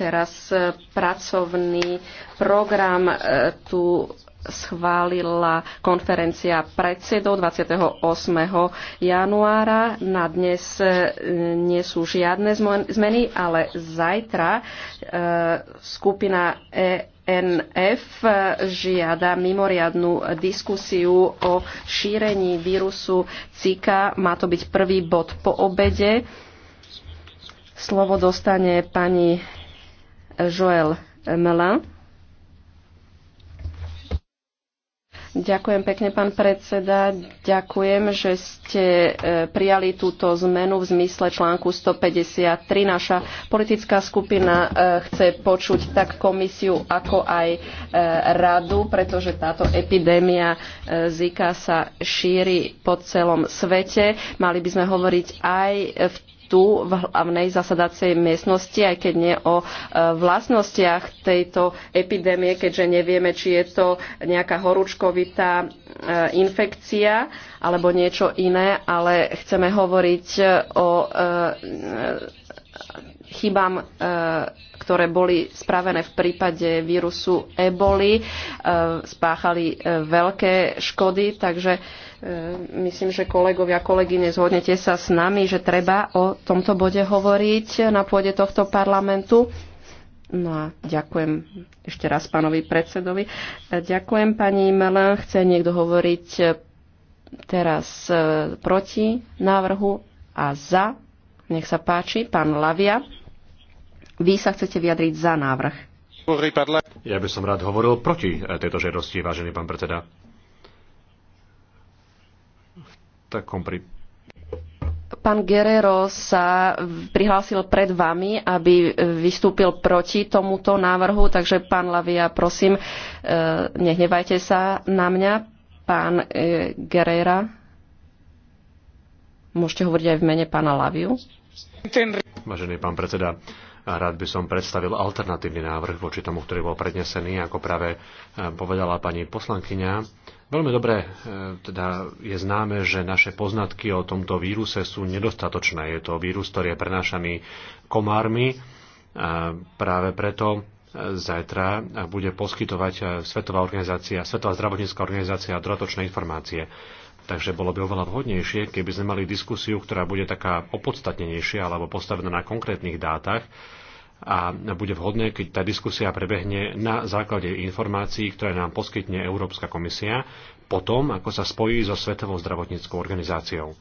teraz e, pracovný program e, tu schválila konferencia predsedov 28. januára. Na dnes e, nie sú žiadne zmeny, ale zajtra skupina ENF žiada mimoriadnú diskusiu o šírení vírusu CIKA. Má to byť prvý bod po obede. Slovo dostane pani Joel Melin. Ďakujem pekne, pán predseda. Ďakujem, že ste e, prijali túto zmenu v zmysle článku 153. Naša politická skupina e, chce počuť tak komisiu, ako aj e, radu, pretože táto epidémia Zika sa šíri po celom svete. Mali by sme hovoriť aj v tu v hlavnej zasadacej miestnosti, aj keď nie o e, vlastnostiach tejto epidémie, keďže nevieme, či je to nejaká horúčkovitá e, infekcia alebo niečo iné, ale chceme hovoriť o e, chybám, e, ktoré boli spravené v prípade vírusu eboli. E, spáchali e, veľké škody, takže myslím, že kolegovia, kolegyne, zhodnete sa s nami, že treba o tomto bode hovoriť na pôde tohto parlamentu. No a ďakujem ešte raz pánovi predsedovi. Ďakujem pani Melan. Chce niekto hovoriť teraz proti návrhu a za? Nech sa páči, pán Lavia. Vy sa chcete vyjadriť za návrh. Ja by som rád hovoril proti eh, tejto žiadosti, vážený pán predseda. V takom pri... Pán Guerrero sa prihlásil pred vami, aby eh, vystúpil proti tomuto návrhu, takže pán Lavia, prosím, eh, nehnevajte sa na mňa. Pán Guerrera, môžete hovoriť aj v mene pána Laviu. Vážený pán predseda, Rád by som predstavil alternatívny návrh voči tomu, ktorý bol prednesený, ako práve e, povedala pani poslankyňa. Veľmi dobre e, teda je známe, že naše poznatky o tomto víruse sú nedostatočné. Je to vírus, ktorý je prenášaný komármi. A e, práve preto zajtra bude poskytovať Svetová, organizácia, Svetová zdravotnícká organizácia dodatočné informácie. Takže bolo by oveľa vhodnejšie, keby sme mali diskusiu, ktorá bude taká opodstatnenejšia alebo postavená na konkrétnych dátach a bude vhodné, keď tá diskusia prebehne na základe informácií, ktoré nám poskytne Európska komisia potom, ako sa spojí so Svetovou zdravotníckou organizáciou.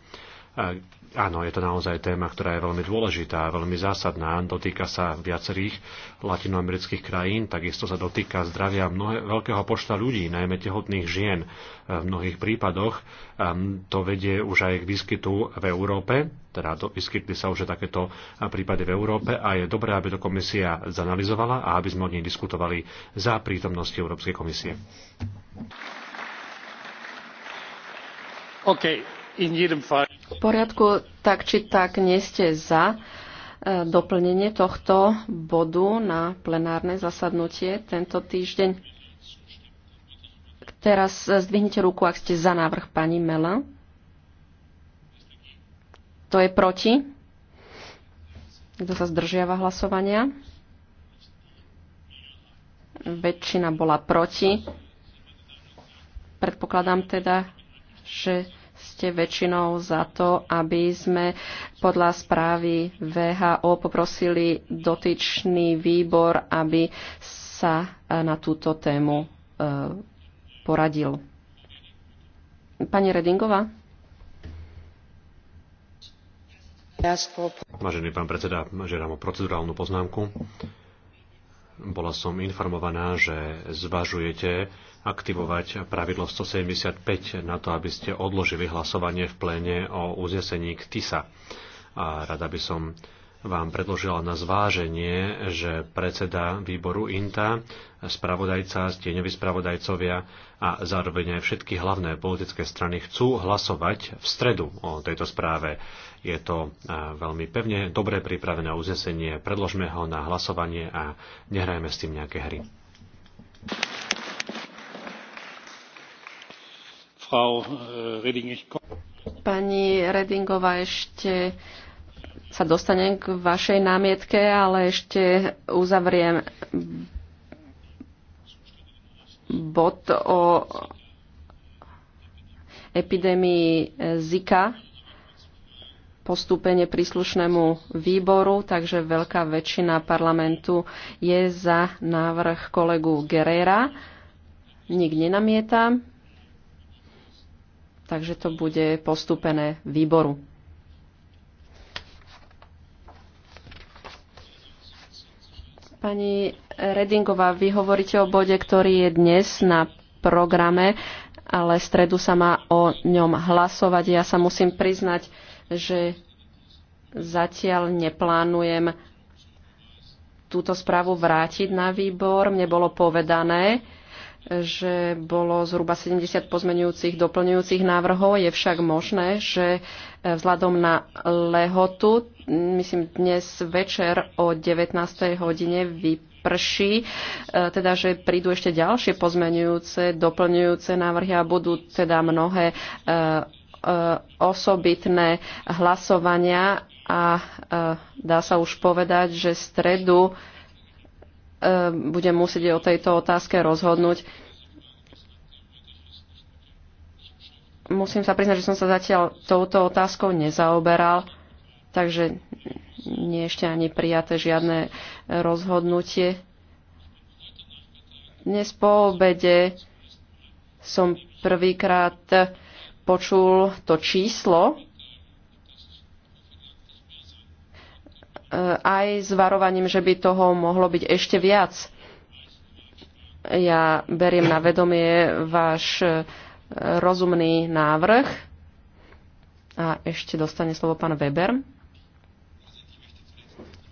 Áno, je to naozaj téma, ktorá je veľmi dôležitá, veľmi zásadná. Dotýka sa viacerých latinoamerických krajín, takisto sa dotýka zdravia mnohé, veľkého počta ľudí, najmä tehotných žien. V mnohých prípadoch ehm, to vedie už aj k výskytu v Európe, teda to, vyskytli sa už takéto prípady v Európe a je dobré, aby to komisia zanalizovala a aby sme o nej diskutovali za prítomnosti Európskej komisie. Okay. V poriadku, tak či tak nie ste za e, doplnenie tohto bodu na plenárne zasadnutie tento týždeň. Teraz zdvihnite ruku, ak ste za návrh pani Mela. Kto je proti? Kto sa zdržiava hlasovania? Väčšina bola proti. Predpokladám teda, že ste väčšinou za to, aby sme podľa správy VHO poprosili dotyčný výbor, aby sa e, na túto tému e, poradil. Pani Redingová? Vážený pán predseda, žiadam o procedurálnu poznámku. Bola som informovaná, že zvažujete aktivovať pravidlo 175 na to, aby ste odložili hlasovanie v pléne o uznesení k TISA. A rada by som vám predložila na zváženie, že predseda výboru INTA, spravodajca, stieňoví spravodajcovia a zároveň aj všetky hlavné politické strany chcú hlasovať v stredu o tejto správe. Je to veľmi pevne, dobre pripravené uznesenie, predložme ho na hlasovanie a nehrajme s tým nejaké hry. Äh, Pani Redingová ešte sa dostanem k vašej námietke, ale ešte uzavriem bod o epidémii Zika postúpenie príslušnému výboru, takže veľká väčšina parlamentu je za návrh kolegu Gerera. Nik nenamieta takže to bude postúpené výboru. Pani Redingová, vy hovoríte o bode, ktorý je dnes na programe, ale stredu sa má o ňom hlasovať. Ja sa musím priznať, že zatiaľ neplánujem túto správu vrátiť na výbor. Mne bolo povedané, že bolo zhruba 70 pozmenujúcich, doplňujúcich návrhov. Je však možné, že e, vzhľadom na lehotu, myslím dnes večer o 19. hodine vyprší, e, teda že prídu ešte ďalšie pozmenujúce, doplňujúce návrhy a budú teda mnohé e, osobitné hlasovania a dá sa už povedať, že stredu Ehm, budem musieť o tejto otázke rozhodnúť. Musím sa priznať, že som sa zatiaľ touto otázkou nezaoberal, takže nie ešte ani prijaté žiadne rozhodnutie. Dnes po obede som prvýkrát počul to číslo, Eh, aj s varovaním, že by toho mohlo byť ešte viac. Ja beriem na vedomie váš eh, rozumný návrh. A ešte dostane slovo pán Weber.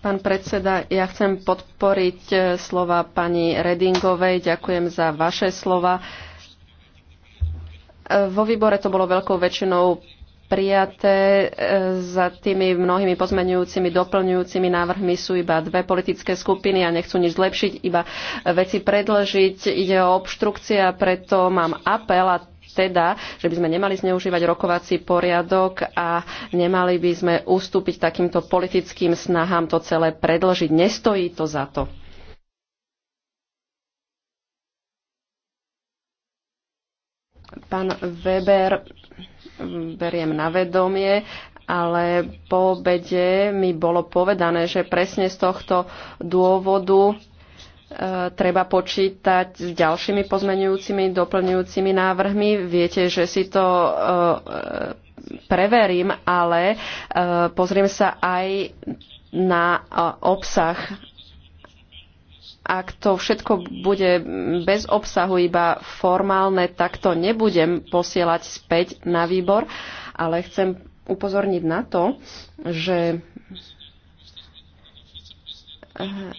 Pán predseda, ja chcem podporiť eh, slova pani Redingovej. Ďakujem za vaše slova. Vo výbore to bolo veľkou väčšinou prijaté. E, za tými mnohými pozmenujúcimi, doplňujúcimi návrhmi sú iba dve politické skupiny a nechcú nič zlepšiť, iba veci predlžiť. Ide o obštrukcia, preto mám apel a teda, že by sme nemali zneužívať rokovací poriadok a nemali by sme ustúpiť takýmto politickým snahám to celé predlžiť. Nestojí to za to. Pán Weber, beriem na vedomie, ale po obede mi bolo povedané, že presne z tohto dôvodu e, treba počítať s ďalšími pozmenujúcimi, doplňujúcimi návrhmi. Viete, že si to e, preverím, ale e, pozriem sa aj na e, obsah ak to všetko bude bez obsahu iba formálne, tak to nebudem posielať späť na výbor, ale chcem upozorniť na to, že eh,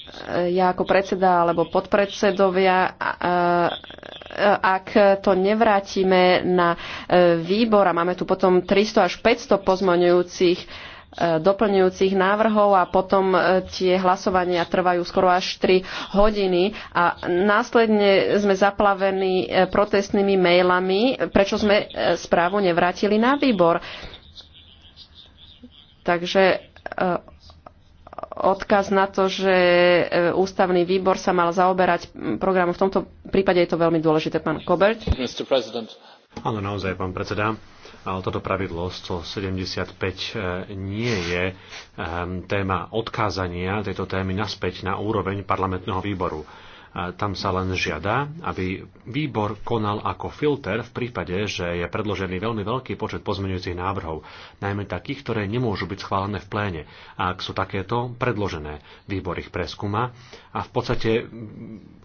ja ako predseda alebo podpredsedovia, eh, ak to nevrátime na eh, výbor a máme tu potom 300 až 500 pozmoňujúcich E, doplňujúcich návrhov a potom e, tie hlasovania trvajú skoro až 3 hodiny a následne sme zaplavení e, protestnými mailami, prečo sme správu nevrátili na výbor. Takže odkaz na to, že ústavný výbor sa mal zaoberať programom. V tomto prípade je to veľmi dôležité, pán Kobert. Áno, naozaj, pán predseda ale toto pravidlo 175 e, nie je e, téma odkázania tejto témy naspäť na úroveň parlamentného výboru. Tam sa len žiada, aby výbor konal ako filter v prípade, že je predložený veľmi veľký počet pozmeňujúcich návrhov, najmä takých, ktoré nemôžu byť schválené v pléne. A ak sú takéto predložené, výbor ich preskúma a v podstate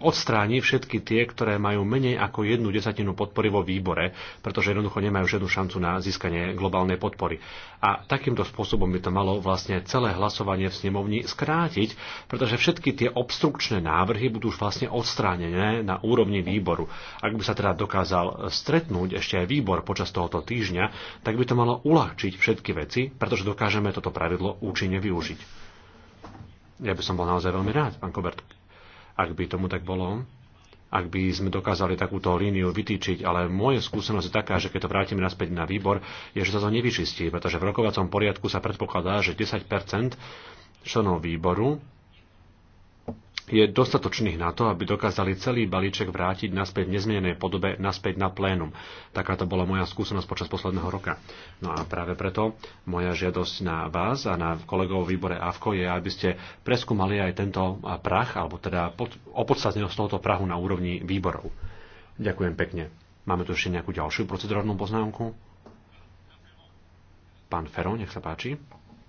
odstráni všetky tie, ktoré majú menej ako jednu desatinu podpory vo výbore, pretože jednoducho nemajú žiadnu šancu na získanie globálnej podpory. A takýmto spôsobom by to malo vlastne celé hlasovanie v snemovni skrátiť, pretože všetky tie obstrukčné návrhy budú už vlastne vlastne odstránené na úrovni výboru. Ak by sa teda dokázal stretnúť ešte aj výbor počas tohoto týždňa, tak by to malo uľahčiť všetky veci, pretože dokážeme toto pravidlo účinne využiť. Ja by som bol naozaj veľmi rád, pán Kobert, ak by tomu tak bolo ak by sme dokázali takúto líniu vytýčiť, ale moje skúsenosť je taká, že keď to vrátime naspäť na výbor, je, že sa to nevyčistí, pretože v rokovacom poriadku sa predpokladá, že 10 členov výboru je dostatočných na to, aby dokázali celý balíček vrátiť naspäť v nezmenenej podobe, naspäť na plénum. Taká to bola moja skúsenosť počas posledného roka. No a práve preto moja žiadosť na vás a na kolegov v výbore AVKO je, aby ste preskúmali aj tento prach, alebo teda z tohoto prahu na úrovni výborov. Ďakujem pekne. Máme tu ešte nejakú ďalšiu procedurálnu poznámku? Pán Fero, nech sa páči.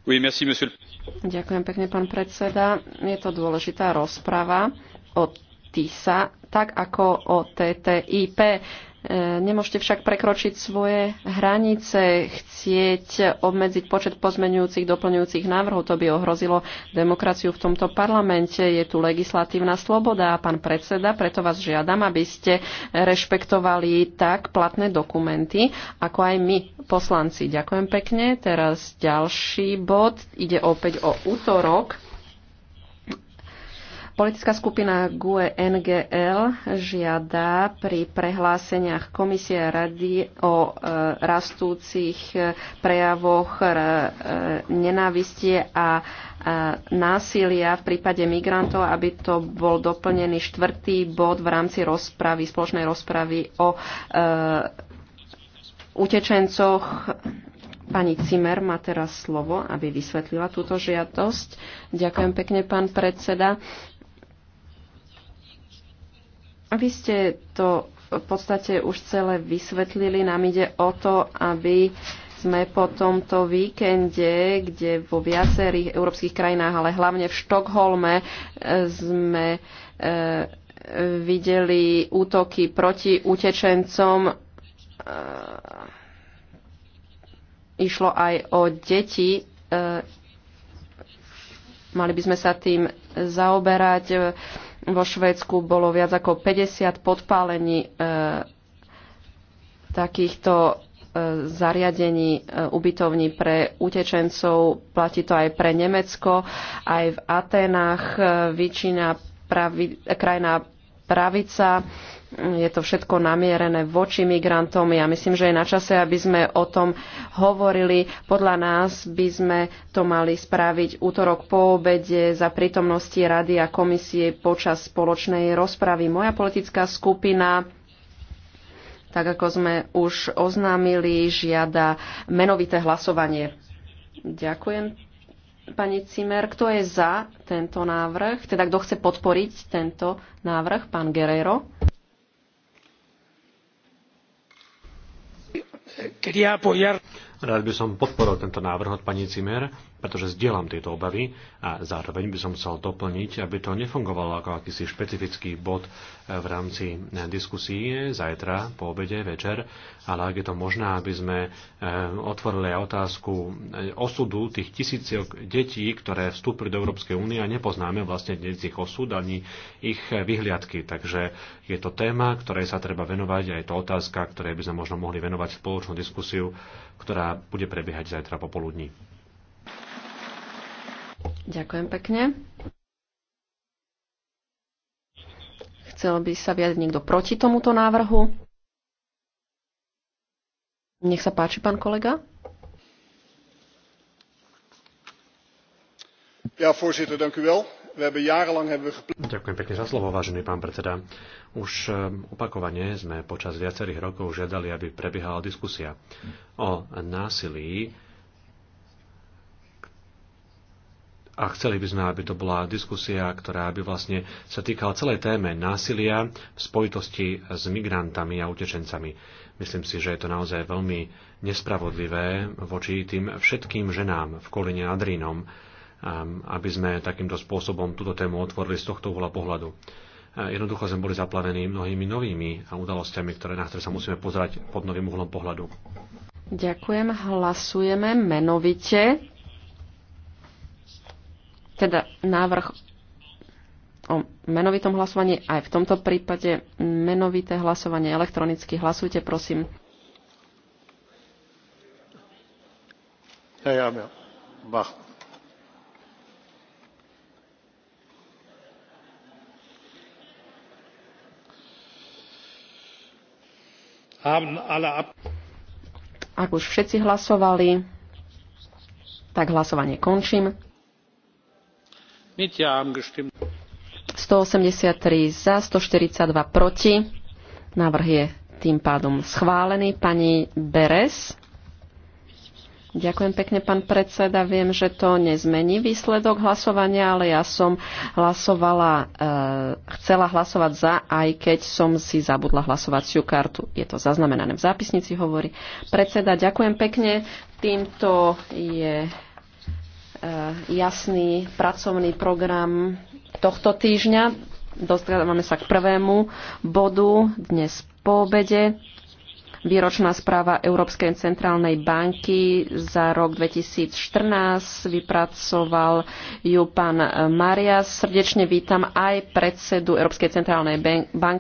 Ďakujem pekne, pán predseda. Je to dôležitá rozprava o TISA, tak ako o TTIP. Nemôžete však prekročiť svoje hranice, chcieť obmedziť počet pozmenujúcich, doplňujúcich návrhov. To by ohrozilo demokraciu v tomto parlamente. Je tu legislatívna sloboda a pán predseda, preto vás žiadam, aby ste rešpektovali tak platné dokumenty, ako aj my, poslanci. Ďakujem pekne. Teraz ďalší bod. Ide opäť o útorok. Politická skupina GUE NGL žiada pri prehláseniach Komisie Rady o e, rastúcich e, prejavoch e, nenávistie a násilia v prípade migrantov, aby to bol doplnený štvrtý bod v rámci rozpravy, spoločnej rozpravy o utečencoch. Pani Cimer má teraz slovo, aby vysvetlila túto žiadosť. Ďakujem pekne, pán predseda. Vy ste to v podstate už celé vysvetlili. Nám ide o to, aby sme po tomto víkende, kde vo viacerých európskych krajinách, ale hlavne v Štokholme, e, sme e, videli útoky proti utečencom. E, išlo aj o deti. Mali by sme sa tým zaoberať vo Švédsku bolo viac ako 50 podpálení e, takýchto e, zariadení e, ubytovní pre utečencov. Platí to aj pre Nemecko. Aj v Atenách e, väčšina pravi, krajná pravica je to všetko namierené voči migrantom. Ja myslím, že je na čase, aby sme o tom hovorili. Podľa nás by sme to mali spraviť útorok po obede za prítomnosti Rady a komisie počas spoločnej rozpravy. Moja politická skupina tak ako sme už oznámili, žiada menovité hlasovanie. Ďakujem, pani Cimer. Kto je za tento návrh? Teda kto chce podporiť tento návrh? Pán Guerrero. quería apoyar Rád by som podporil tento návrh od pani Cimer, pretože zdieľam tieto obavy a zároveň by som chcel doplniť, aby to nefungovalo ako akýsi špecifický bod eh, v rámci eh, diskusie, zajtra, po obede, večer, ale ak je to možné, aby sme eh, otvorili otázku osudu tých tisíciok detí, ktoré vstúpili do Európskej únie a nepoznáme vlastne dnes ich osud ani ich vyhliadky. Takže je to téma, ktorej sa treba venovať a je to otázka, ktorej by sme možno mohli venovať spoločnú diskusiu, ktorá ktorá bude prebiehať zajtra popoludní. Ďakujem pekne. Chcel by sa viať niekto proti tomuto návrhu? Nech sa páči, pán kolega. Ja, voorzitter, dank u wel. Ďakujem pekne za slovo, vážený pán predseda. Už eh, opakovane sme počas viacerých rokov žiadali, aby prebiehala diskusia o násilí a chceli by sme, aby to bola diskusia, ktorá by vlastne sa týkala celej téme násilia v spojitosti s migrantami a utečencami. Myslím si, že je to naozaj veľmi nespravodlivé voči tým všetkým ženám v Koline nad Rínom, aby sme takýmto spôsobom túto tému otvorili z tohto uhla pohľadu. Jednoducho sme boli zaplavení mnohými novými udalosťami, ktoré, na ktoré sa musíme pozerať pod novým uhlom pohľadu. Ďakujem. Hlasujeme menovite. Teda návrh o menovitom hlasovaní. Aj v tomto prípade menovité hlasovanie elektronicky. Hlasujte, prosím. Ja, ja, ja. Bach. Ak už všetci hlasovali, tak hlasovanie končím. 183 za, 142 proti. Návrh je tým pádom schválený. Pani Beres. Ďakujem pekne, pán predseda. Viem, že to nezmení výsledok hlasovania, ale ja som hlasovala, e, chcela hlasovať za, aj keď som si zabudla hlasovaciu kartu. Je to zaznamenané v zápisnici, hovorí predseda. Ďakujem pekne. Týmto je e, jasný pracovný program tohto týždňa. Dostávame sa k prvému bodu dnes po obede. Výročná správa Európskej centrálnej banky za rok 2014 vypracoval ju pán Marias. Srdečne vítam aj predsedu Európskej centrálnej banky.